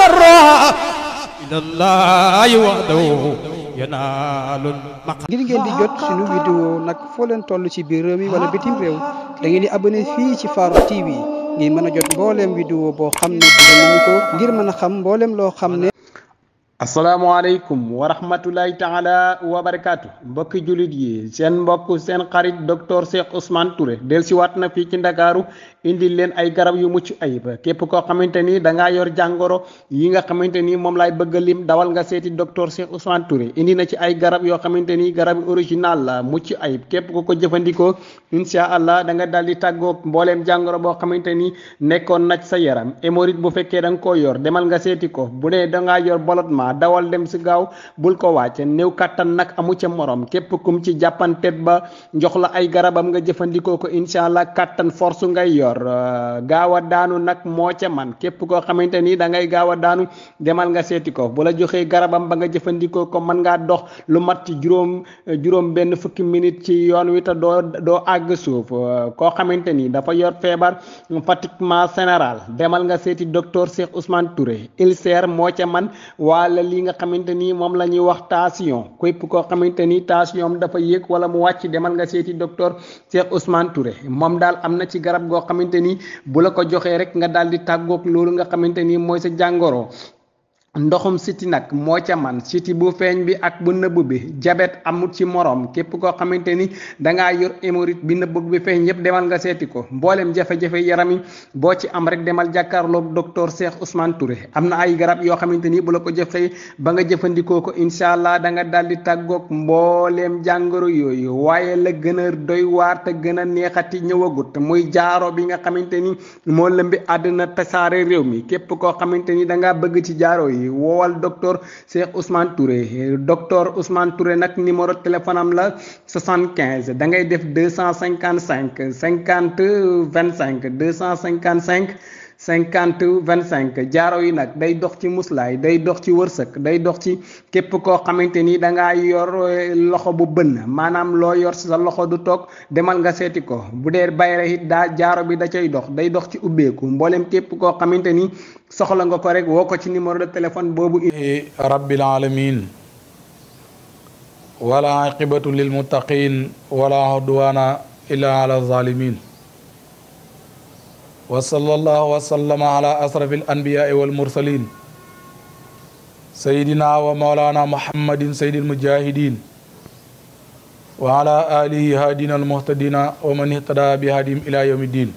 تقرا الى الله وحده ngir ngeen di jot suñu vidéo nag foo leen tollu ci biir réew mi wala bitim réew da ngeen di abonné fii ci Farokh TV ngir mën a jot mbooleem vidéo boo xam ne dinañ ko ngir mën xam mbooleem loo xam ne asalaamaaleykum wa rahmatulahi taala wa barakaatu mbokki jullit yi seen mbokk seen xarit docteur Cheikh Ousmane Touré del si waat na fii ci Ndakaaru indi leen ay garab yu mucc ayib képp koo xamante ni da ngaa yor jàngoro yi nga xamante ni moom laay bëgg a lim dawal nga seeti docteur Cheikh Ousmane indi na ci ay garab yoo xamante ni garab original la mucc ayib képp ko ko jëfandikoo incha allah da nga daal di tàggoog mbooleem jàngoro boo xamante ni nekkoon nag sa yaram hémorroïde bu fekkee da nga koo yor demal nga seeti ko bu dee da ngaa yor bolotement dawal dem si gaaw bul ko wàcce néew kattan nag amu ca morom képp kum ci jàppantet ba njox la ay garabam nga jëfandikoo ko incha allah kattan force ngay yor lor euh, gaaw a daanu nag moo ca man képp koo xamante nii da ngay gaaw a daanu demal nga seeti ko bu la joxee garabam ba nga jëfandikoo ko mën ngaa dox lu mat juróom euh, juróom benn fukki minute ci yoon wi te doo doo àgg suuf euh, koo xamante ni dafa yor feebar pratiquement général demal nga seeti docteur Cheikh Ousmane Touré ulcère moo ca man wala li nga xamante nii moom la ñuy wax tension képp koo xamante ni tension dafa yéeg wala mu wàcc demal nga seeti docteur Cheikh Ousmane xamante ni bu la ko joxee rek nga daal di tàggoog loolu nga xamante ni mooy sa jàngoro ndoxum siti nag moo ca man siti bu feeñ bi ak bu nëbb bi jabet amut ci moroom képp koo xamante ni dangaa yor hémorroïde bi nëbb bi feeñ yépp demal nga seeti ko mbooleem jafe-jafe yaram yi boo ci am rek demal jàkkaarloog docteur Cheikh Ousmane am na ay garab yoo xamante ni bu la ko jëfee ba nga jëfandikoo ko incha allah da nga daal di tàggoog mbooleem jàngoro yooyu waaye la gën a doy waar te gën a neexati ñëwagut muy jaaro bi nga xamante ni moo lëmbi àddina tasaare réew mi képp koo xamante ni dangaa bëgg ci jaaro yi bi woowal docteur Cheikh Touré docteur Ousmane Touré nag numéro téléphone am la 75 da ngay def deux cent cinquante cinquante cinq cinq deux cent cinquante cinq cinquante vingt cinq jaaro yi nag day dox ci muslaay day dox ci wërsëg day dox ci képp koo xamante ni da ngaa yor eh, loxo bu bënn maanaam loo yor sa loxo du toog demal nga seeti ko bu dee bayre it daa jaaro bi da cay dox day dox ci ubbeeku mboolem képp koo xamante ni soxla nga ko rek woo ko ci numéro de téléphone boobu. Eh, rabbil alamin wala aqibatu lil muttaqin wala udwana illa ala zalimin wa sallallahu wa sallama ala asrafi al wa maulana muhammadin sayidil mujahidin wa ala haadina al wa man ihtada bi haadihim ila yawmi din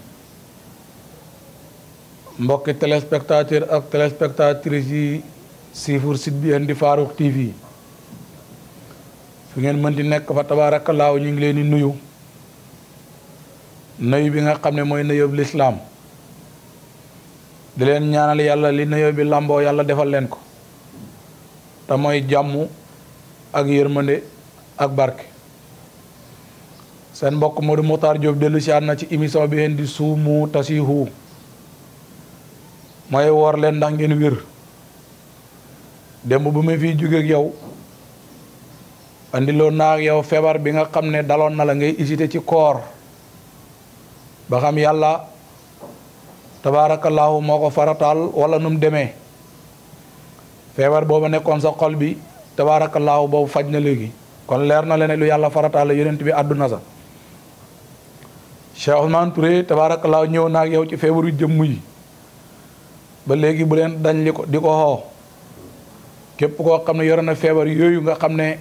mbokki téléspectateur ak téléspectatrice yi siifur bi indi Farokh TV fi ngeen mën di nekk fa tabaarakallaahu ñu ngi leen di nuyu nuyu bi nga xam ne mooy nuyub lislaam di leen ñaanal yàlla li nuyoo bi làmboo yàlla defal leen ko te mooy jàmmu ak yërmande ak barke seen mbokk Modou Mokhtar Diop dellu si ànd na ci émission bi ngeen di suumu tasihu mooy woor leen ndax ngeen wér démb bu ma fiy jógeeg yow andiloo naa ak yow feebar bi nga xam ne daloon na la ngay hésité ci koor ba xam yàlla tabaarakallaahu moo ko farataal wala nu mu demee feebar booba nekkoon sa xol bi tabaarakallaahu boobu faj na léegi kon leer na leen lu yàlla farataal la yonent bi àdduna sa Cheikh Ousmane Touré tabaarakallaahu ñëw na ak ci feebaru jëmm yi ba léegi bu leen dañ li ko diko xoo képp koo xam ne yore na feebar yooyu nga xam ne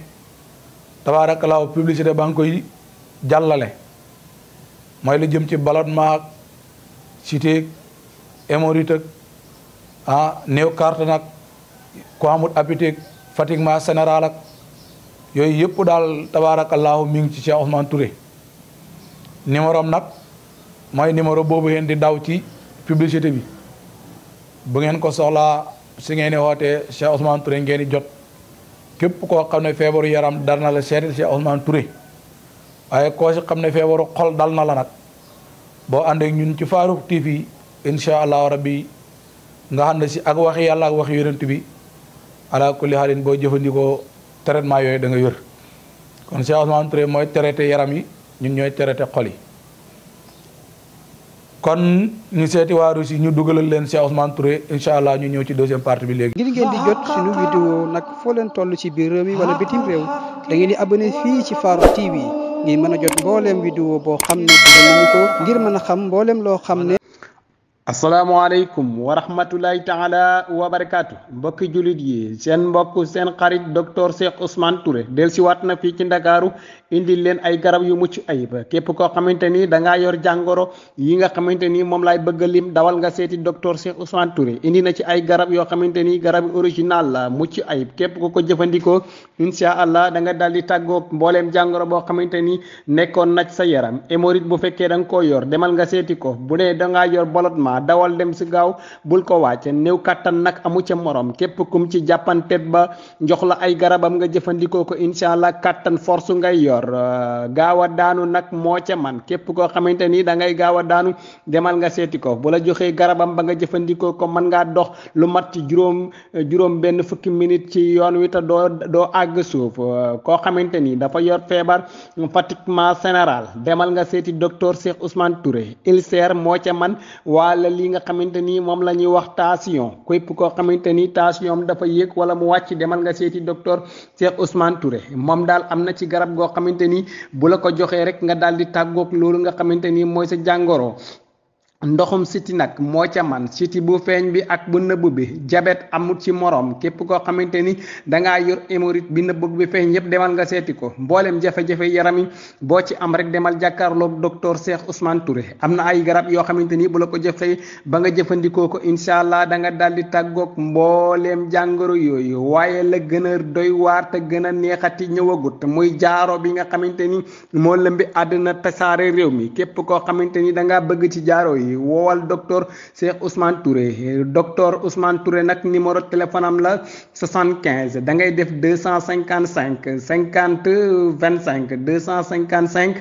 tabaarakallaahu publicité ba nga koy jàllale mooy lu jëm ci ballonnement cité hémorroïde ak ah néocarde nag ku amut appétit fatiguement général ak yooyu yëpp daal tabaarakallaahu mi ngi ci Cheikh Ousmane Touré numéro am nag mooy numéro boobu ngeen di daw ci publicité bi bu ngeen ko soxlaa si ngeen di wootee Cheikh Ousmane Touré ngeen di jot képp koo xam ne feebaru yaram dal na la seetil Cheikh Ousmane Touré waaye ko xam ne feebaru xol dal na la nag boo ànd ñun ci Farokh TV incha allahu rabbi nga xam ne si ak wax yàlla ak wax yonent bi ala kulli xaalin boo jëfandikoo traitement yooyu da nga wér kon Cheikh Ousmane mooy traité yaram yi ñun ñooy traité xol yi kon ñu seeti waa si ñu dugalal leen Cheikh Ousmane Touré incha allah ñu ñëw ci deuxième partie bi léegi. ngir ngeen di jot suñu vidéo nag foo leen toll ci biir réew mi wala bitim réew da ngeen di abonné fii ci Farokh TV ngir mën a jot mbooleem vidéo boo xam ne ngir mën a xam asalaamaaleykum wa rahmatulahi taala wa barakaatu mbokki jullit yi seen mbokk seen xarit docteur Cheikh Ousmane Touré dellusiwaat na fii ci ndakaaru indil leen ay garab yu mucc ayib képp koo xamante ni da ngaa yor jàngoro yi nga xamante ni moom lay bëgg lim dawal nga seeti docteur Cheikh Ousmane Touré indi na ci ay garab yoo xamante ni garab original la mucc ayib képp ko ko jëfandikoo incha allah da nga daal di tàggoo mbooleem jàngoro boo xamante ni nekkoon na sa yaram hémorroïde bu fekkee da nga koo yor demal nga seeti ko directement dawal dem si gaaw bul ko wàcce néew kàttan nag amu ca moroom képp kum ci jàppantet ba jox la ay garabam nga jëfandikoo ko incha allah kàttan force ngay yor euh, gaaw a daanu nag moo ca man képp koo xamante ni da ngay gaaw a daanu demal nga seeti ko bula joxee garabam ba nga jëfandikoo ko mën ngaa dox lu mat ci juróom euh, juróom benn fukki minute ci yoon wi doo doo àgg suuf euh, koo xamante ni dafa yor feebar pratiquement général demal nga seeti docteur Cheikh Ousmane Touré ulcère moo la li nga xamante ni moom la ñuy wax tension képp koo xamante ni tension am dafa yéeg wala mu wàcc demal nga seeti docteur Cheikh Ousmane Touré moom daal am na ci garab goo xamante ni bu la ko joxee rek nga daal di tàggoog loolu nga xamante ni mooy sa jàngoro ndoxum siti nag moo ca man siti bu feeñ bi ak bu nëbb bi jabet amut ci moroom képp koo xamante ni dangaa yor hémorroïde bi nëbb bi feeñ yépp demal nga seeti ko mbooleem jafe-jafe yaram yi boo ci am rek demal jàkkaarloog docteur Cheikh Ousmane ture am na ay garab yoo xamante ni bu la ko jëfee ba nga jëfandikoo ko incha allah da nga daldi tàggoog mbooleem jàngoro yooyu waaye la gën a doy waar te gën a neexati ñëwagut muy jaaro bi nga xamante ni moo lëmbi àddina tasaare réew mi képp koo xamante ni dangaa bëgg ci jaaro yi yi woowal docteur Cheikh Touré docteur Ousmane Touré nag numéro téléphone am la 75 da ngay def deux cent cinquante cinq cinq deux cent cinquante cinq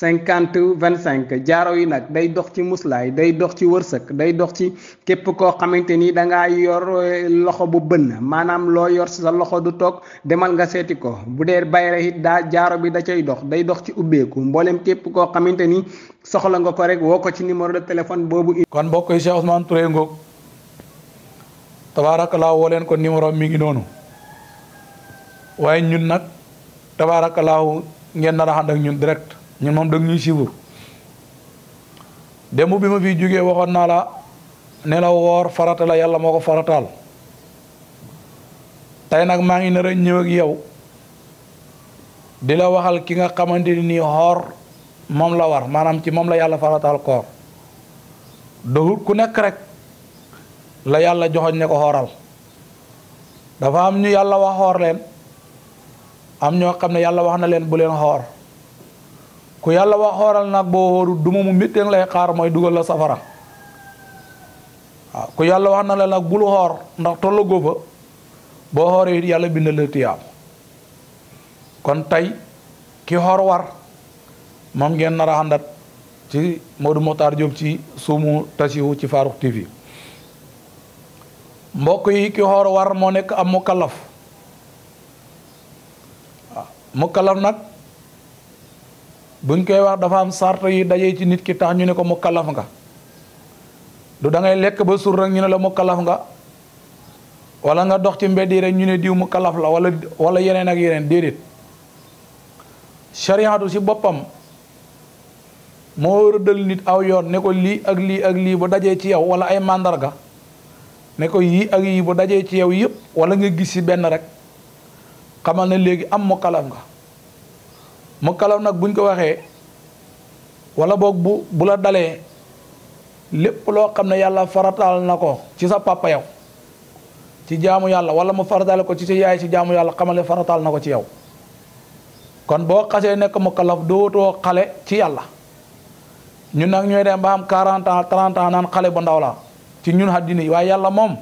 cinquante vingt cinq jaaro yi nag day dox ci muslaay day dox ci wërsëg day dox ci képp koo xamante ni da ngaa yor eh, loxo bu bënn maanaam loo yor sa loxo du toog demal nga seeti ko bu dee bayre it daa jaaro bi da cay dox day dox ci ubbeeku mboolem képp koo xamante ni soxla nga ko rek woo ko ci numéro de téléphone boobu. it kon mbokk yi Cheikh Ousmane Touré Ngok tabaarakallaa woo leen ko numéro mi ngi noonu waaye ñun nag tabaarakallaa ngeen nar a ànd ñun direct. ñun moom dag ñuy suivre démb bi ma fi jógee waxoon naa la ne la woor farata la yàlla moo ko farataal tey nag maa ngi nar a ñëw yow di la waxal ki nga xamante ni xoor moom la war maanaam ci moom la yàlla farataal koor doxut ku nekk rek la yàlla joxoñ ne ko xooral dafa am ñu yàlla wax xoor leen am ñoo xam ne yàlla wax na leen bu leen xoor ku yàlla wax xooral nag boo xóoru duma mu méttee lay xaar mooy dugal la safara ku yàlla wax na la nag bul xoor ndax tolla góofa boo xooree yàlla bind tiyaam kon tey ki xoor war moom ngeen nar a àndat ci Modou Mokhtar Diop ci suumu tasiwu ci Farokh TV mbokk yi ki xoor war moo nekk am mukallaf waaw mukallaf nag buñ koy wax dafa am sart yi dajee ci nit ki tax ñu ne ko mu mukallaf nga lu dangay lekk ba sur rek ñu ne la mukallaf nga wala nga dox ci mbedd ñu ne diw mukallaf la wala wala yeneen ak yeneen déedéet shariatu ci boppam moo rëddal nit aw yoon ne ko lii ak lii ak lii bu dajee ci yow wala ay màndarga ne ko yii ak yii bu dajee ci yow yëpp wala nga gis ci benn rek xamal na léegi am mu mukallaf nga mu kalaf nag buñ ko waxee wala boog bu bu la dalee lépp loo xam ne yàlla farataal na ko ci sa papa yow ci jaamu yàlla wala mu farataal ko ci sa yaay ci jaamu yàlla xamale farataal na ko ci yow kon boo xasee nekk mu kalaf dootoo xale ci yàlla ñun nag ñooy dem mbaam am 40 ans naan xale bu ndaw laa ci ñun àddina yi waaye yàlla moom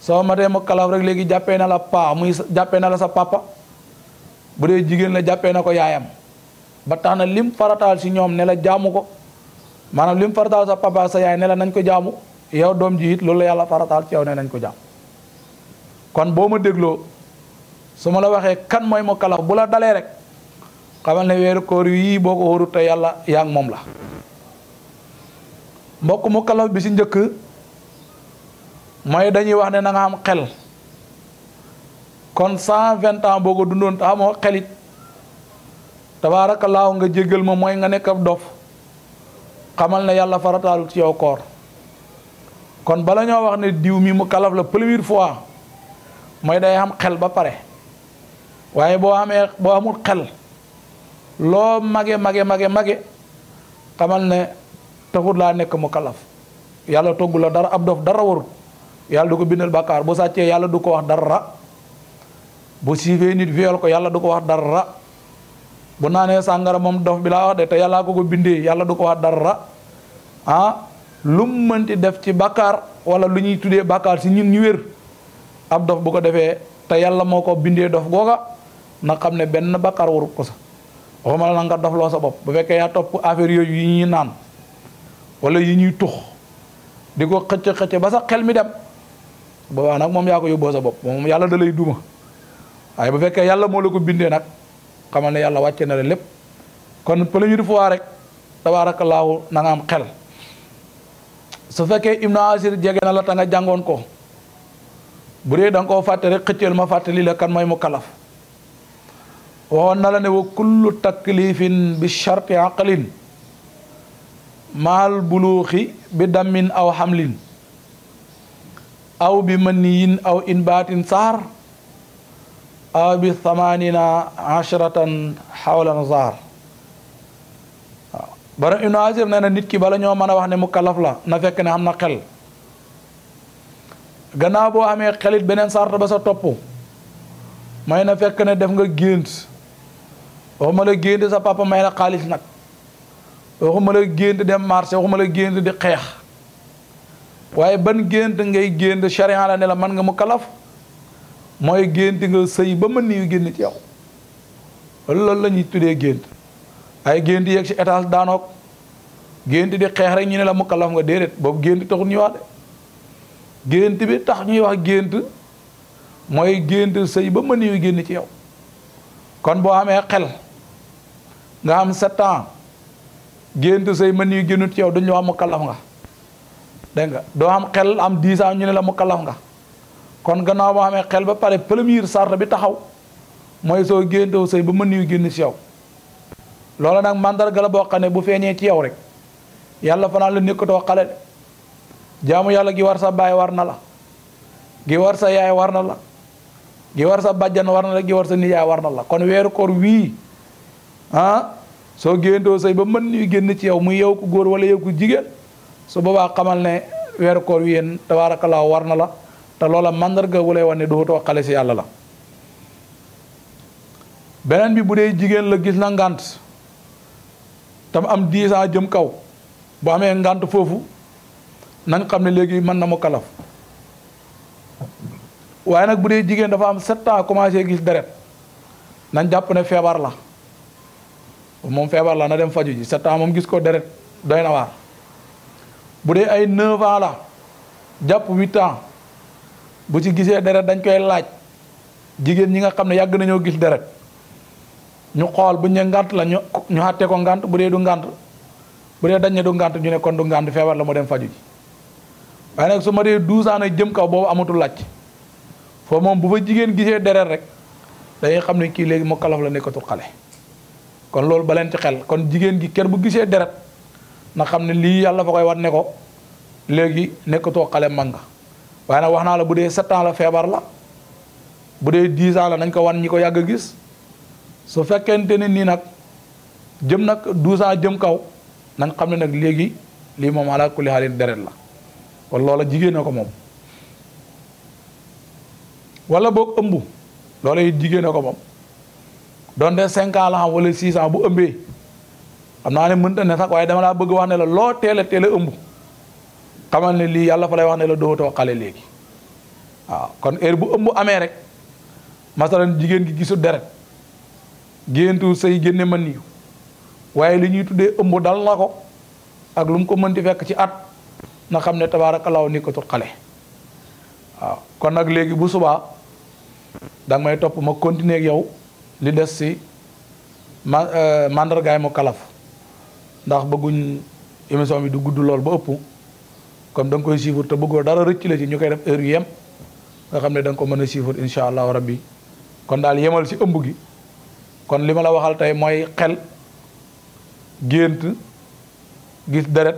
soo ma dee mu kalaf rek léegi jàppee na la paa muy jàppee na la sa papa bu dee jigéen la jàppee na ko yaayam ba tax na lim farataal si ñoom ne la jaamu ko maanaam lim farataal sa papa sa yaay ne la nañ ko jaamu yow doom ji it loolu la yàlla farataal ci yow ne nañ ko jaam kon boo ma dégloo su ma la waxee kan mooy mu kalaf bu la dalee rek xamal ne weeru koor yii boo ko wóorut te yàlla yaa moom la mbokk mu kalaf bi si njëkk mooy dañuy wax ne na nga am xel kon cent vingt ans boo ko dundoon te amoo xelit tabaarakallaahu nga jéggal ma mooy nga nekk ab dof xamal ne yàlla farataalu ci yow koor kon bala ñoo wax ne diw mi mu kalaf la première fois mooy day am xel ba pare waaye boo amee boo amul xel loo mage mage mage mage xamal ne taxut laa nekk mu kalaf yàlla togg la dara ab dof dara warut yàlla du ko bindal bàkkaar boo sàccee yàlla du ko wax dara bu siifee nit viol ko yàlla du ko wax dara bu naanee sàngara moom dof bi laa wax de te yàllaa ko bindee yàlla du ko wax dara lum ah, lu mu def ci bakkaar wala lu ñuy tuddee bakkaar si ñun ñu wér ab dof bu ko defee te yàlla moo ko bindee dof googa na xam ne benn bakkaar waru ko sax waxuma la nga dofloo sa bopp bu fekkee yaa topp affaire yooyu yi ñuy naan wala yi ñuy tux di ko xëcc xëcc ba sax xel mi dem boobaa nag moom yaa ko yóbboo sa bopp moom yàlla da lay duma waaye bu fekkee yàlla moo la ko bindee nag xamal ne yàlla wàcce na la lépp kon première fois rek tabaarakallaahu na nga am xel su fekkee Ibnu Asir jege na la jàngoon ko bu dee da nga koo fàtte rek xëcceel ma fàttali la kan mooy mu kalaf waxoon na la ne wa kullu taklifin bi sharti aqlin maal buluuxi bi dammin aw xamlin aw bi maniyin aw inbaatin saar aw bi thamanina ashratan xawlan zaar waaw borom ibnu asir nee na nit ki bala ñoo mën a wax ne mukallaf la na fekk ne am na xel gannaaw boo amee xelit beneen sart ba sa topp may na fekk ne def nga gént waxuma la gént sa papa may na xaalis nag waxuma la gént dem marché waxuma la gént di xeex waaye ban gént ngay gént charia la ne la mën nga kalaf mooy gént nga sëy ba mën niyu génn ci yow loolu la ñuy tuddee gént ay gént yeeg ci étage daanoog gént di xeex rek ñu ne la mu kalaf nga boobu gént taxul ñuy wax de gént tax ñuy wax gént mooy gént sëy ba mën niyu génn ci yow kon boo amee xel nga am sept ans gént sëy mën niyu génnut ci yow dañu la mu kalaf dégg nga doo am xel am dix ans ñu ne la mu kalaf nga kon gannaaw moo xamee xel ba pare première sart bi taxaw mooy soo géntew sëy ba mën niyu génn si yow loola nag mandarga la boo xam ne bu feeñee ci yow rek yàlla fanaan la nekkatoo xale jaamu yàlla gi war sa baay war na la gi war sa yaay war na la gi war sa bàjjan war na la gi war sa nijaay war na la kon weeru koor wii ah, soo géntoo sëy ba mën niyu génn ci yow muy yow ku góor wala yow ku jigéen su boobaa xamal ne weeru koor wi yéen tabaarakallaa war na la te loola mandarga wu lay wan ne dootoo xale si yàlla la beneen bi bu dee jigéen la gis na ngànt tam am dix ans jëm kaw bu amee ngànt foofu na xam ne léegi mën na mu kalaf waaye nag bu dee jigéen dafa am sept ans commencé gis deret nañ jàpp ne feebar la moom feebar la na dem faju ji sept ans moom gis ko deret doy na waar bu dee ay neuf la jàpp huit bu ci gisee deret dañ koy laaj jigéen ñi nga xam ne yàgg nañoo gis deret ñu xool bu ñu ngànt la ñu ñu ko ngànt bu dee du ngànt bu dee dañ ne du ngànt ñu ne kon du ngànt feebar la mu dem faju ji waaye nag su ma dee douze ans jëm kaw boobu amatul laaj foo moom bu fa jigéen gisee deret rek dañuy xam ne kii léegi mu kalaf la nekkatul xale kon loolu ba leen ci xel kon jigéen gi kenn bu gisee deret na xam ne lii yàlla fa koy wan ne ko léegi nekkatoo xale mag nga waaye nag wax naa la bu dee sept ans la feebar la bu dee dix ans la nañ ko wan ñi ko yàgg a gis su fekkente ne nii nag jëm nag douze ans jëm kaw nañ xam ne nag léegi lii moom ala kulli xaalin deret la kon loola jigéene ko moom wala boog ëmbu loola it jigéene ko moom donte cinq ans la xam wala six ans bu ëmbee xam naa ne mënta ne sax waaye dama laa bëgg wax ne la loo teel a teel a ëmb xamal ne lii yàlla fa lay wax ne la dootoo xale léegi waaw kon heure bu ëmb amee rek masalan jigéen gi gisul deret géntu say génne man niyu waaye li ñuy tuddee ëmb dal na ko ak lu mu ko mënti fekk ci at na xam ne ko nekkatul xale waaw kon nag léegi bu subaa danga may topp ma continuer yow li des si ma euh, mandargaay mu kalaf ndax bëgguñ émission bi du gudd lool ba ëpp comme danga koy suivre te bëggoo dara rëcc la ci ñu koy def heure yu yem nga xam ne da ko mën a suivre incha allahu rabbi kon daal yemal si ëmb gi kon li ma waxal tey mooy xel gént gis deret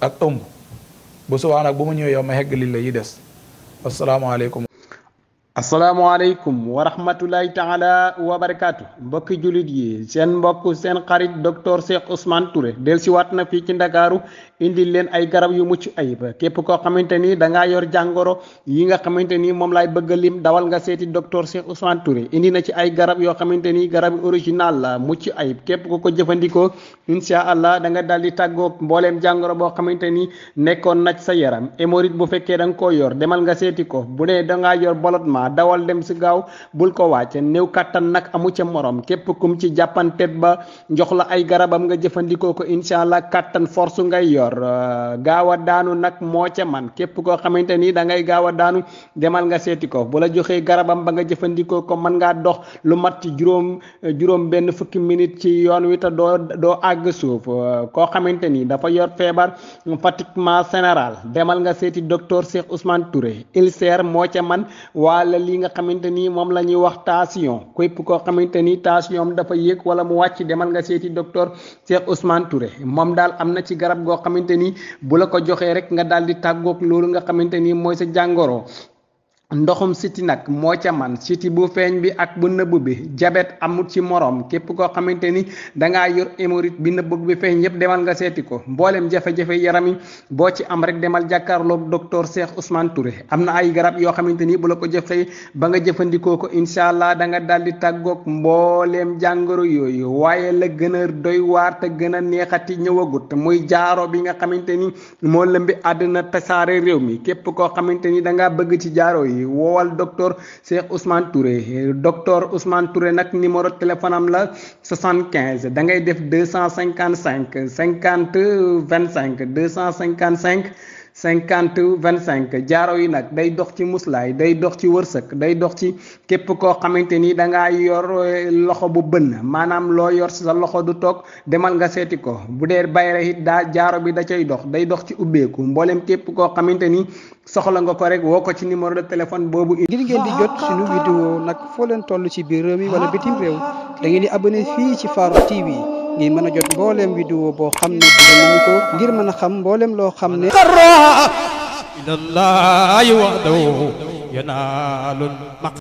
ak ëmb bu subaa nag bu mu ñëwee yow ma hegg li la yi des asalaamaaleykum asalaamaaleykum wa rahmatulahi taala wa barakaatu mbokki jullit yi seen mbokk seen xarit docteur Cheikh Ousmane Touré dellusiwaat na fii ci ndakaaru indil leen ay garab yu mucc ayib képp koo xamante ni da yor jàngoro yi nga xamante ni moom laay bëgg a lim dawal nga seeti docteur Cheikh Ousmane indi na ci ay garab yoo xamante ni garab original la mucc ayib képp ko ko jëfandikoo incha allah da nga daal di tàggoo mbooleem jàngoro boo xamante ni nekkoon nag sa yaram hémorroïde bu fekkee da nga koo yor demal nga seeti ko bu dee da ngaa yor ballottement dawal dem si gaaw bul ko wàcce néew kattan nag amu ca morom képp kum ci jàppantet ba jox la ay garabam nga jëfandikoo ko incha allah kattan force ngay yor yor uh, gaaw a daanu nag moo ca man képp koo xamante nii da ngay gaaw a daanu demal nga seeti ko bu la joxee garabam ba nga jëfandikoo ko mën ngaa dox lu mat juróom uh, juróom benn fukki minute ci yoon wi te doo doo àgg suuf uh, koo xamante ni dafa yor feebar pratiquement général demal nga seeti docteur Cheikh Ousmane Touré ulcère moo ca man wala li nga xamante ni moom la ñuy wax tension képp koo xamante ni tension dafa yéeg wala mu wàcc demal nga seeti docteur Cheikh Ousmane xamante ni bu la ko joxee rek nga daal di loolu nga xamante ni mooy sa jàngoro ndoxum siti nag moo ca man siti bu feeñ bi ak bu nëbb bi jabet amut ci moroom képp koo xamante ni dangaa yor hémorroïde bi nëbb bi feeñ yépp demal nga seeti ko mbooleem jafe-jafe yaram yi boo ci am rek demal jàkkaarloog docteur Cheikh Ousmane am na ay garab yoo xamante ni bu la ko jëfee ba nga jëfandikoo ko incha allah da nga daldi tàggoog mbooleem jàngoro yooyu waaye la gën a doy waar te gën a neexati ñëwagut muy jaaro bi nga xamante ni moo lëmbi àddina tasaare réew mi képp koo xamante ni dangaa bëgg ci jaaro yi yi woowal docteur Cheikh Touré docteur Ousmane Touré nag numéro téléphone am la 75 da ngay def deux cent cinquante cinq cinq deux cent cinquante cinq cinquante vingt cinq jaaro yi nag day dox ci muslaay day dox ci wërsëg day dox ci képp koo xamante ni da ngaa yor eh, loxo bu bënn maanaam loo yor sa loxo du toog demal nga seeti ko bu dee bayre it daa jaaro bi da cay dox day dox ci ubbeeku mboolem képp koo xamante ni soxla nga ko rek woo ko ci numéro de téléphone boobu. ngir ngeen di jot suñu vidéo nag foo leen toll ci biir réew mi wala bitim réew da ngeen di abonné fii ci Farokh TV. ngir mën a jot mbooleem vidéo boo xam ne dinañ ko ngir mën a xam mbooleem loo xam ne ilallahi wahdahu yanaalul